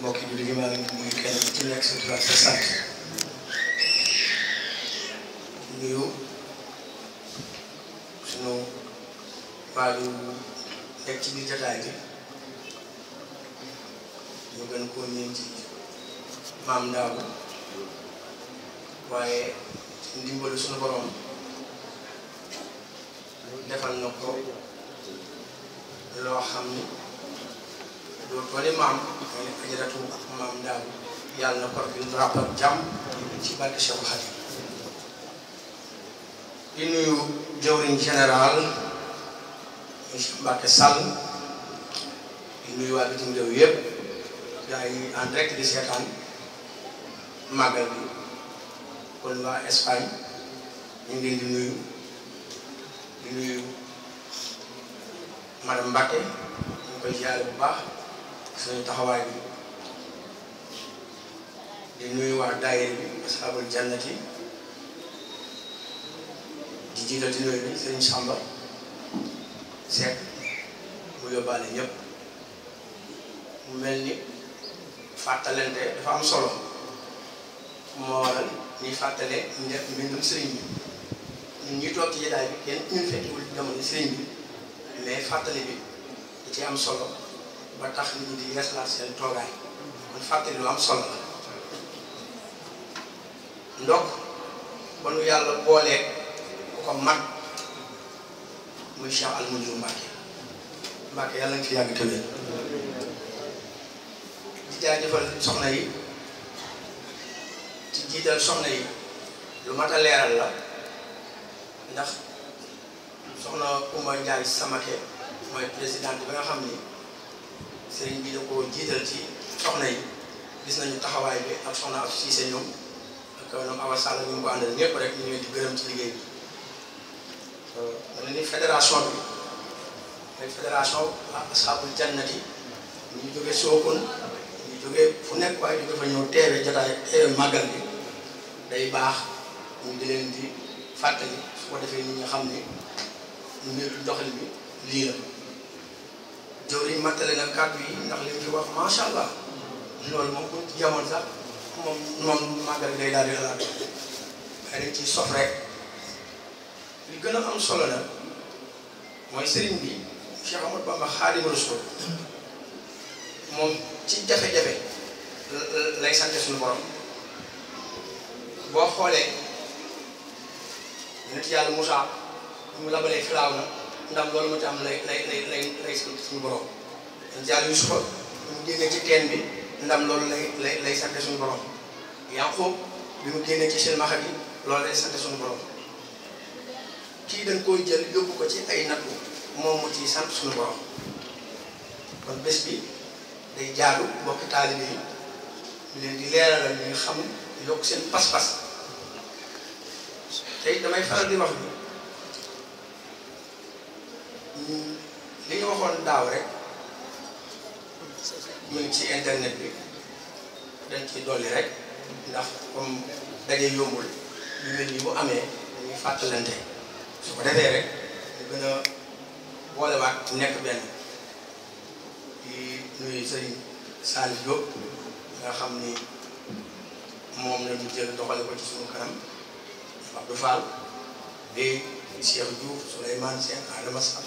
mbokk bi di maa ngi nuyu kenn ci nekk sa tur ak sa sant nuyu sunu waajur nekk ci biir jataay bi ñu gën koo ñëw ci maam Ndao waaye ci ndimbalu sunu borom defal na ko loo xam loolu doole maam mooy nekk ajaratu maam daaw yàlla na ko rafetlu mu jàmm di nuyu jawriñ général monsieur Mbacke di nuyu waa bitim yëpp gaa yi en di seetaan màggal bi kon waa Espagne ñu ngi leen di nuyu di nuyu madame ñu koy jaale bu baax. suñu taxawaay bi di nuyu waa daayir bi asaabul jannati di jiital ci nuyu bi sëriñ Samba Seck mu yóbbaale ñëpp mel ni fàttalente dafa am solo moo waral ñuy fàttale ndef mbindum sëriñ bi ñun ñuy toog ci jotaay bi kenn ñun fekkiwul jamono sëriñ bi mais fàttale bi da ci am solo ba tax ni ñi di yeesalaat seen toogaay kon fàttali lu am solo la ndokk ba yàlla boolee ku ko mag muy Cheikh Almadiou Mbacke Mbacke yàlla nga fi yàgg tëwee di jaajëfal soxna yi ci jiital soxna yi lu mat a la ndax soxna Oumar Ndiaye Samake mooy présidente ba nga xam ni sëriñ bi da ko jiital ci soxna yi gis nañu taxawaay bi ak soxna ak siise ñoom ak ñoom Awa Sall ñu ngi ko àndal ñëpp rek ñu gërëm ci liggéey bi. dana ni fédération bi mooy fédération ashabul jannati ñu jógee ñu jógee fu nekk waaye jóge fa ñëw teewe jotaay teewe màggal bi day baax ñu di leen di fàttali su ko defee nit ñi xam ne ñu ngi doxalin bi lii la. jëwriñ mattale na kàddu yi ndax li mu wax macha allah loolu moom buñ ci sax moom moom màggal day daal di xalaat gën a am solo la mooy sëriñ bi Cheikh Amadou Bamba Xaadimu Rasuul moom ci jafe-jafe lay sante suñu borom boo xoolee ci yàlla Moussa mu labalee Firawna ndam loolu mu ci am lay lay lay lay lay suñu borom jaal Yusufa mu génne ci teen bi ndam loolu lay lay lay sant suñu borom bi ci silmaxa bi loolu lay sant suñu borom kii dañ koy jël yóbbu ko ci ay nattu moom mu ci sant suñu borom kon bés bi day jaalu mbokki taalibe yi ñu leen di leeralal ñu xam yokk seen pas-pas te damay faral di wax bi li nga waxoon daaw rek mu ngi ci internet bi dañ ci dolli rek ndax comme daje yombul yu mel ni mu amee dañuy fàttalante su ko defee rek ñu gën a boolewaat nekk benn di nuyu sëriñ Saliou Diop nga xam ni moom la ñu jël doxale ko ci suñu kanam Abdou Fall di di Cheikh Diouf Souleymane Cheikh Adama Sall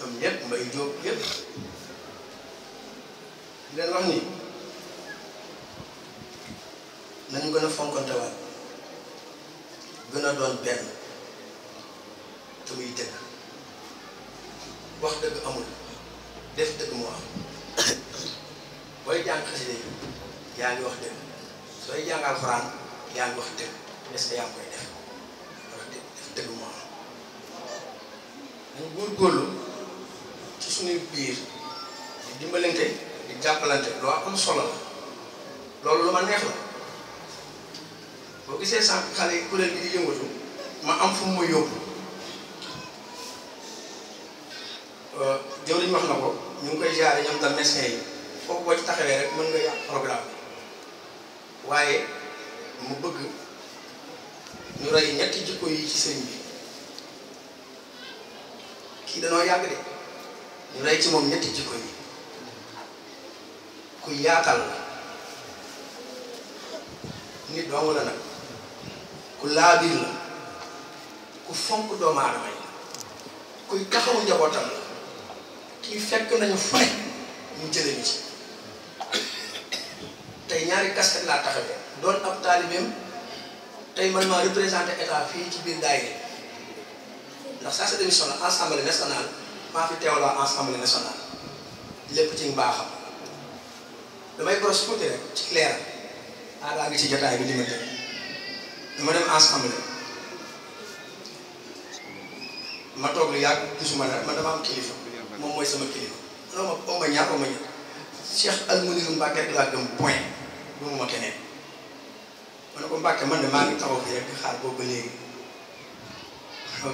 ñoom ñëpp mbay Diop yëpp leen wax ni nañu gën a fonkantewaat gën a doon benn te muy dëgg wax dëgg amul def dëgg moo am booy jàng xasida yi yaa ngi wax dëgg sooy jàng alxuraan yaa ngi wax dëgg est-ce ngi koy def ñu góorgóorlu ci suñuy biir di dimbalante di jàppalante lu am solo la loolu lu ma neex la boo gisee sànq xale yi kuréel bi di ma am fu mu yóbbu euh, jëwriñ wax na ko ñu ngi koy jaare ñoom tam médecin yi foofu boo ci taxawee rek mën nga yàq programme waaye mu bëgg ñu rey ñett jikko yi ci sëñ bi kii danoo yàgg de ñu rey ci moom ñetti jikko yi ku yaatal la nit dong la nag ku laabir la ku fonk doomu aadama yi kuy taxawu njabootam la kii fekk nañu fu ñu jëlee ci tey ñaari casquette laa taxawee doon ab taalibeem tey man maa représenté état fii ci biir daayira ndax saa sa démission la assemblée nationale maa fi teewloo assemblée nationale lépp ci mbaaxam damay boros tuuti rek ci clair aadaa ngi ci jotaay bi li ma dem dama dem ma toog lu yàgg gisuma dara man dama am kilifa moom mooy sama kilifa non ma oo ma ñaar oo ma ñaar Cheikh Almuniru Mbàkke laa gëm point bu mu ma keneen ma ne ko Mbàkke man de maa ngi taxaw fii xaar boobu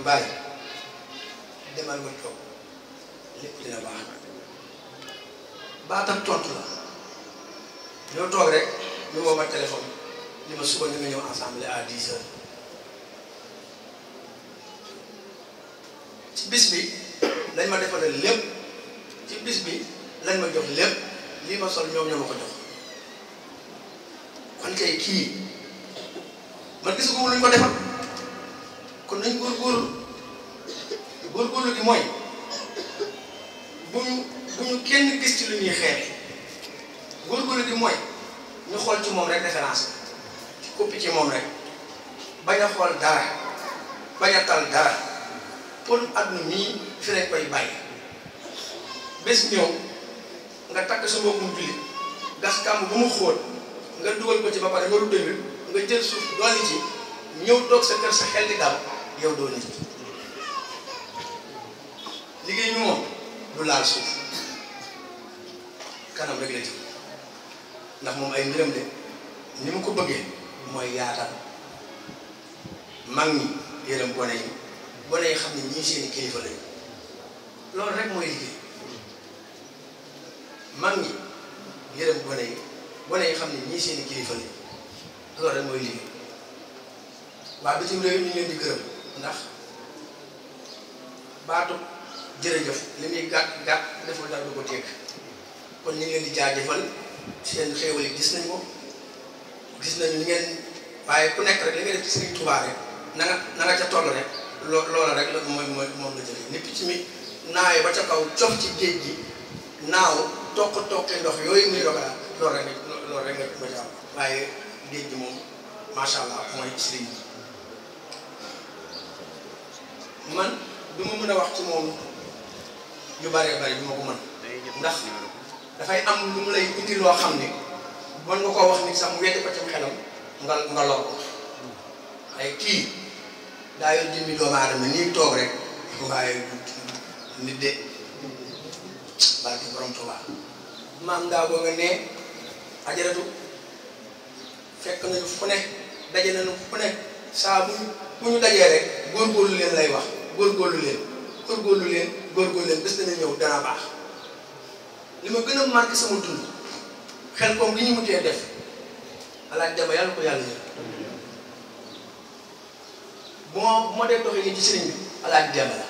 ba léegi demal nga toog lépp dina baax baatam tontu la ñoo toog rek ñu woo ma téléphone li ma suba ñu nga ñëw ensemble à ci bis bi lañ ma defaral lépp ci bis bi lañ ma jox lépp lii ma sol ñoom ñoo ma ko jox kon kay kii man gisu ko luñ ko defal kon nañ góorgóorlu góorgóorlu gi mooy bu ñu bu ñu kenn gis ci lu ñuy xeet góorgóorlu gi mooy ñu xool ci moom rek référence ci koppi ci moom rek bañ a xool dara bañ a tal dara pour àdduna mii fi koy bàyyi bés ñëw nga takk sa mbokkum jullit gas kàmb bu mu xóot nga dugal ko ci ba pare nga lu dëgg nga jël suuf doole ci ñëw toog sa kër sa xel di dal yow doo nit liggéey bi moom lu laal suuf kanam rek la jëm moom ay mbiram de ni mu ko bëggee mooy yaatal mag ñi yërëm gone yi gone yi xam ne ñii seeni kilifa lañu loolu rek mooy liggéey mag ñi yërëm gone yi gone yi xam ne ñii seeni kilifa lañu loolu rek mooy liggéey waa bitim réew ñu leen di gërëm ndax baatu jërëjëf li muy gàtt gàtt deful dara du ko teg kon ñu ngi leen di jaajëfal seen xéewal gis nañ ko gis nañ li ngeen waaye ku nekk rek li nga def ci Sëriñ rek na nga rek loo loola rek la mooy mooy moom ni picc mi naawee ba ca kaw cof ci géej gi naaw toq toqi ndox yooyu muy dogalaa loolu loolu rek nga ma waaye géej gi moom macha allah mooy sëriñ bi man du ma mën a wax ci moom yu bëree bëri du ma ko mën ndax dafay am lu mu lay indi loo xam ne mën nga koo wax ni sax mu wéete ko xelam nga nga lor ko daa toog rek waaye nit de barki borom Tuuba boo nga ne ajaratu fekk nañu fu daje nañu fu saa bu bu dajee rek góorgóorlu leen lay wax góorgóorlu leen góorgóorlu leen góorgóorlu leen bés dana ñëw dana baax li ma gën a marqué sama dund xel koom li ñu mujjee def alaaj jaba yàlla ko yàlla yëpp ma bu ma dee doxee nii ci sëriñ bi alaaj jaba la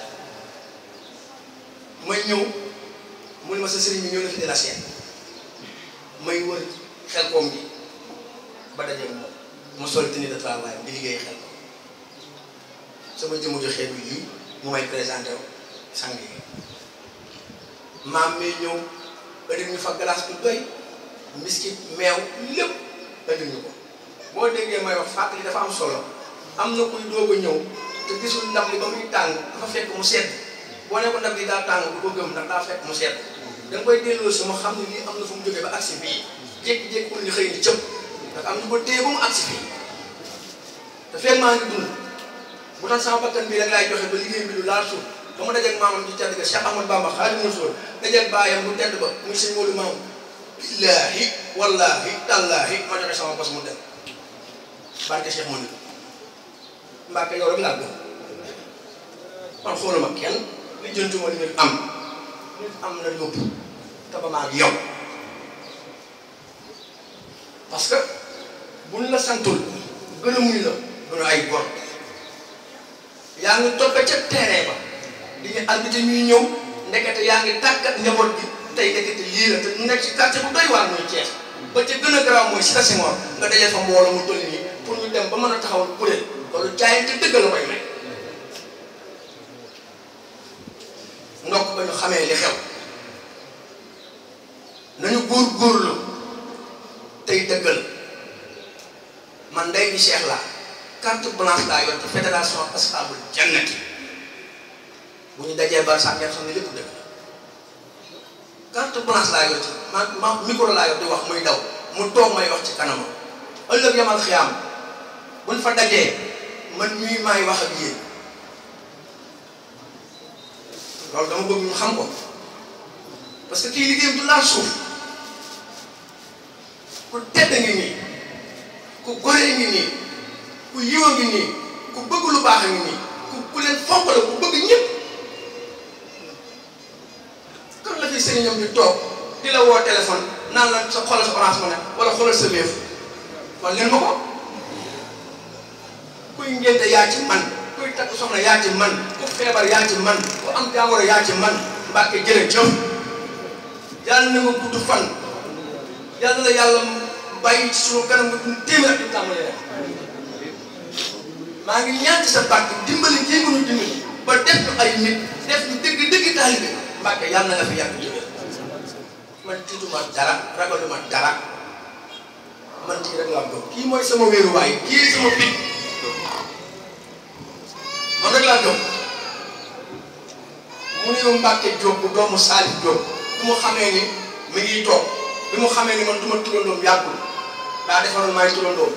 may ñëw mu ne ma sa sëriñ bi ñëw na fi de la seen may wër xel koom bi ba daje moom ma sol tenue de travail di liggéey xel koom sama jëmm joxee bi lii mu may présenté wu sang yi maam mi ñëw ëndi ñu fa glace bu doy miskit meew lépp ëndi ñu ko boo déggee may wax fàttali dafa am solo am na kuy doog a ñëw te gisul ndab li ba muy tàng dafa fekk mu sedd boo ne ko ndab li daa tàng du ndax mu sedd da nga koy delloo si ne nii am na fu mu jógee ba agsi bii jékki-jékki wul xëy ni cëpp ndax am na ko téye ba mu agsi bii te maa ngi dund bu tax sama bakkan bi rek laay joxe ba liggéey bi du laal suuf ba mu dajeeg maamam di tedd ga Cheikh Ahmadou Bamba Xaadimu ma joxe sama bos mu dem barke Cheikh mu ne ba maa ngi yow parce que buñ a muy la gën ay góor yaa ngi topp ca terrain ba di albité ñuy ñëw ndekete yaa ngi tàggat njaboot gi tey ndekete lii la te nekk ci quartier bu doy waar muy Thiès ba ca gën a garaaw mooy si nga dajee fa mbooloo mu toll nii pour ñu dem ba mën a taxawal kuréel loolu jaayante dëgg la koy may ndokk ba ñu xamee li xew nañu góor góorlu tey dëggal man ndey bi Cheikh carte blanche laa yor fédération ashabul jannati bunyi dajah bar yang sendiri pun dia kan tu pelas lagi tu mak mikul lagi tu wah mudah mudah mai wah cik kanamu allah ya, yang malkiam bun fadaje menui mai wah biye kalau kamu belum hamba Pas kili dia tu langsung ku teteng ini ku goreng ini ku yiwang ini ku bëgg lu ini, ku kulen len ku bëgg ñëpp fi sëriñam di toog di la woo téléphone naan la sa xoolal sa orange money wala xoolal sa wéef wala leen ma ko kuy ngénte yaa ci man kuy takk soxna yaa ci man ku feebar yaa ci man ku am jàngoro yaa ci man mbàkke jërëjëf yàlla ci sunu maa ngi ñaan ci sa bàkk dimbali jéegoonu dimbali ba def ay nit def ñu dëgg dëgg taalibe Mbàkke yàlla na nga man tiituma dara ragaluma dara man kii rek laa gëm kii mooy sama wéeruwaay kii sama fit man rek laa gëm mu ne Mbàkke Jóob bu doomu Saalif Jóob bi mu xamee ni mi ngi toog bi mu xamee ni man du ma turandoom yàggul daa defaroon maay turandoom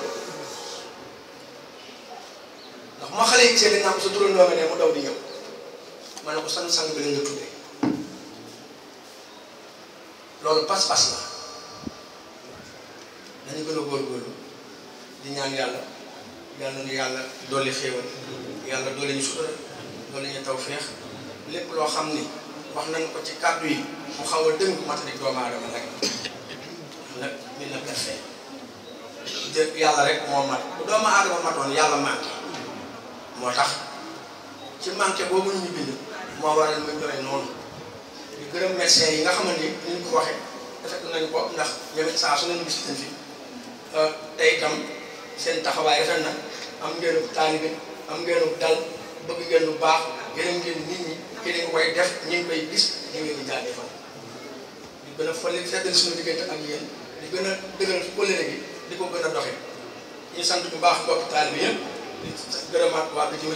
ndax ma xale yi gisee dañ naan sa turandoom ne mu daw di ñëw ma ne ko sang sang bi la nga tuddee loolu pas-pas la nañu gën a góorgóorlu di ñaan yàlla yàlla nu yàlla dolli xéewal yàlla dolli ñu sutura dolli ñu taw féex lépp loo xam ni wax nañu ko ci kàddu yi mu xaw a dëng matalik doomu aadama nag nag mi jë yàlla rek moo mat bu doomu aadama matoon yàlla manqué moo tax ci manqué boobu mu ñooy noonu li gërëm médecins yi nga xamante ni ni ñu ko waxee rafetlu ko ndax ñoom it saa su nañu euh, tey itam seen taxawaay rafet na am ngeen taalibe bëgg ngeen lu baax yeneen ngeen nit ñi ngi koy gis ñu gën a fële feddal suñu diggante ak yéen di gën a dëgëral kóllëre di ko gën a doxee ñu sant bu baax mbokk taalibe yëpp di gërëmaat waa bi ci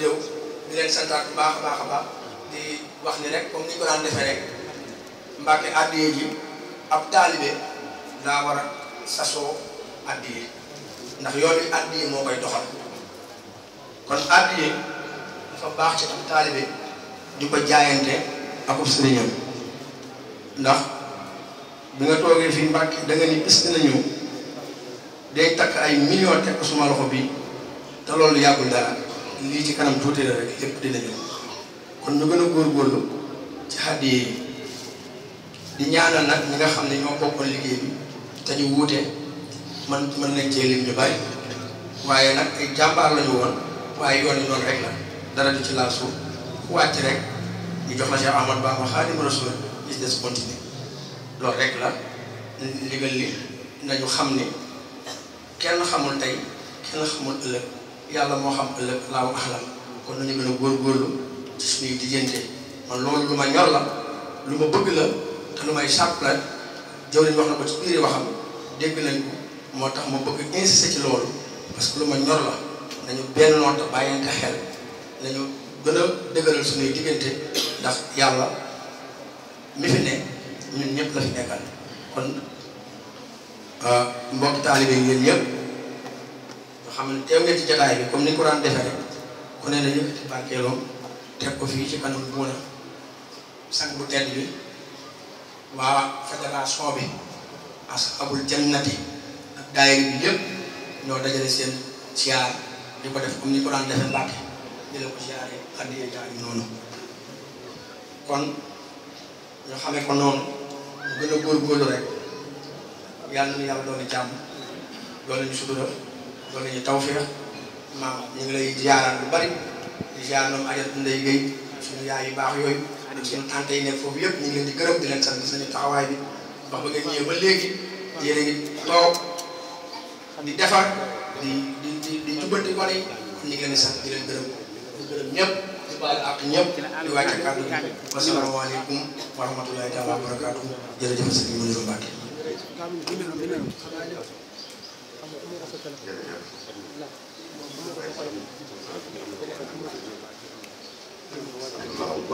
di leen santaat bu baax a baax baax di wax ni rek comme ni ko daan defee mbàkke addiyee ji ab taalibe daa war a sasoo addiyee ndax yoon wi addiyee moo koy doxal kon addiyee dafa baax ci ab taalibe di ko jaayante akub sëriñam ndax bi nga toogee fii mbàkke da nga ni bis dina ñëw day takk ay million teg suma loxo bi te loolu yàggul dara lii ci kanam tuuti la rek lépp dina ñëw kon ñu gën a góorgóorlu ci xaddiyee di ñaanal nag ñi nga xam ne ñoo bokkoon liggéey bi te ñu wuute man mën nañ cee ñu bàyyi waaye nag ay jàmbaar lañu woon waaye yoon yi noonu rek la dara du ci laal suuf wàcc rek ñu jox la Cheikh Ahmad Bamba Xaadimu Rasuul is loolu rek la ndigal li xam ne kenn xamul tey yàlla moo xam ëllëg laaw axlam kon loolu lu ma ñor la lu ma bëgg la te lu may sàpp nag wax na ko ci moo tax ma bëgg parce que lu ma ñor la nañu benn noota bàyyante xel yàlla mi ne ñun ñëpp la fi nekkal kon ah, mbokk taalibe yi yéen ñëpp xam ne teew ngeen ci bi comme ni ko daan defee rek ku ne na yëkkati barkeeloom teg ko fii ci kanam buuna sang bu tedd bi waa fédération bi ashabul jannati ak daayira bi yëpp ñoo dajale seen siyaar di ko def comme ni ko daan defe Mbàkke di la ko siyaare addiyee jaar yi noonu kon ñu xamee ko noonu ñu gën a góorgóorlu rek yàlla na yàlla doon jàmm doon ñu sutura doon ñu tawfeex maam ñu ngi lay ziaral lu bari di ziar ñoom ajat ndey géy suñu yaay yu baax yooyu suñu tante yi nekk foofu yëpp ñu ngi leen di gërëm di leen sant suñu taxawaay bi wax ba nga ñëwee ba léegi yéen a ngi toog di defar di di di di jubbanti gone yi ñu ngi leen di leen gërëm di gërëm ñëpp di baal ak ñëpp di wàcce kàddu gi wasalaamaaleykum wa rahmatulahi taala wa barakaatu jërëjëf sëñ Mounirou Mbacke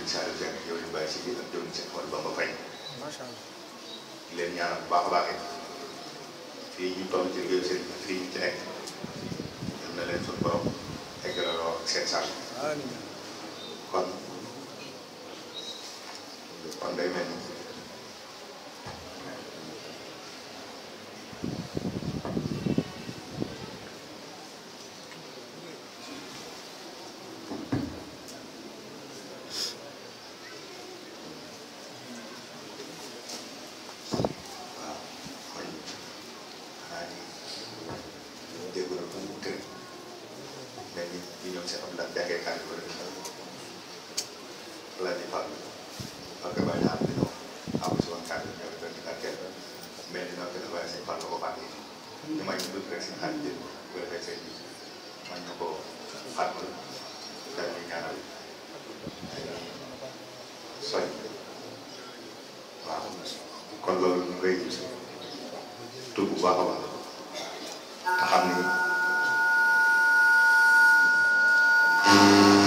jëwriñ Saliou Seck jëwriñ Baye Sidi ak jëwriñ Seck Mor Bamba Faye macha allah di leen ñaanal bu baax a baax it fii ñu toll ci liggéeyu sëriñ bi fii ñu ci nekk yal na leen suñu borom eggalaloo ak seen soñ waaw kon loolu ñu bu baax baax te ni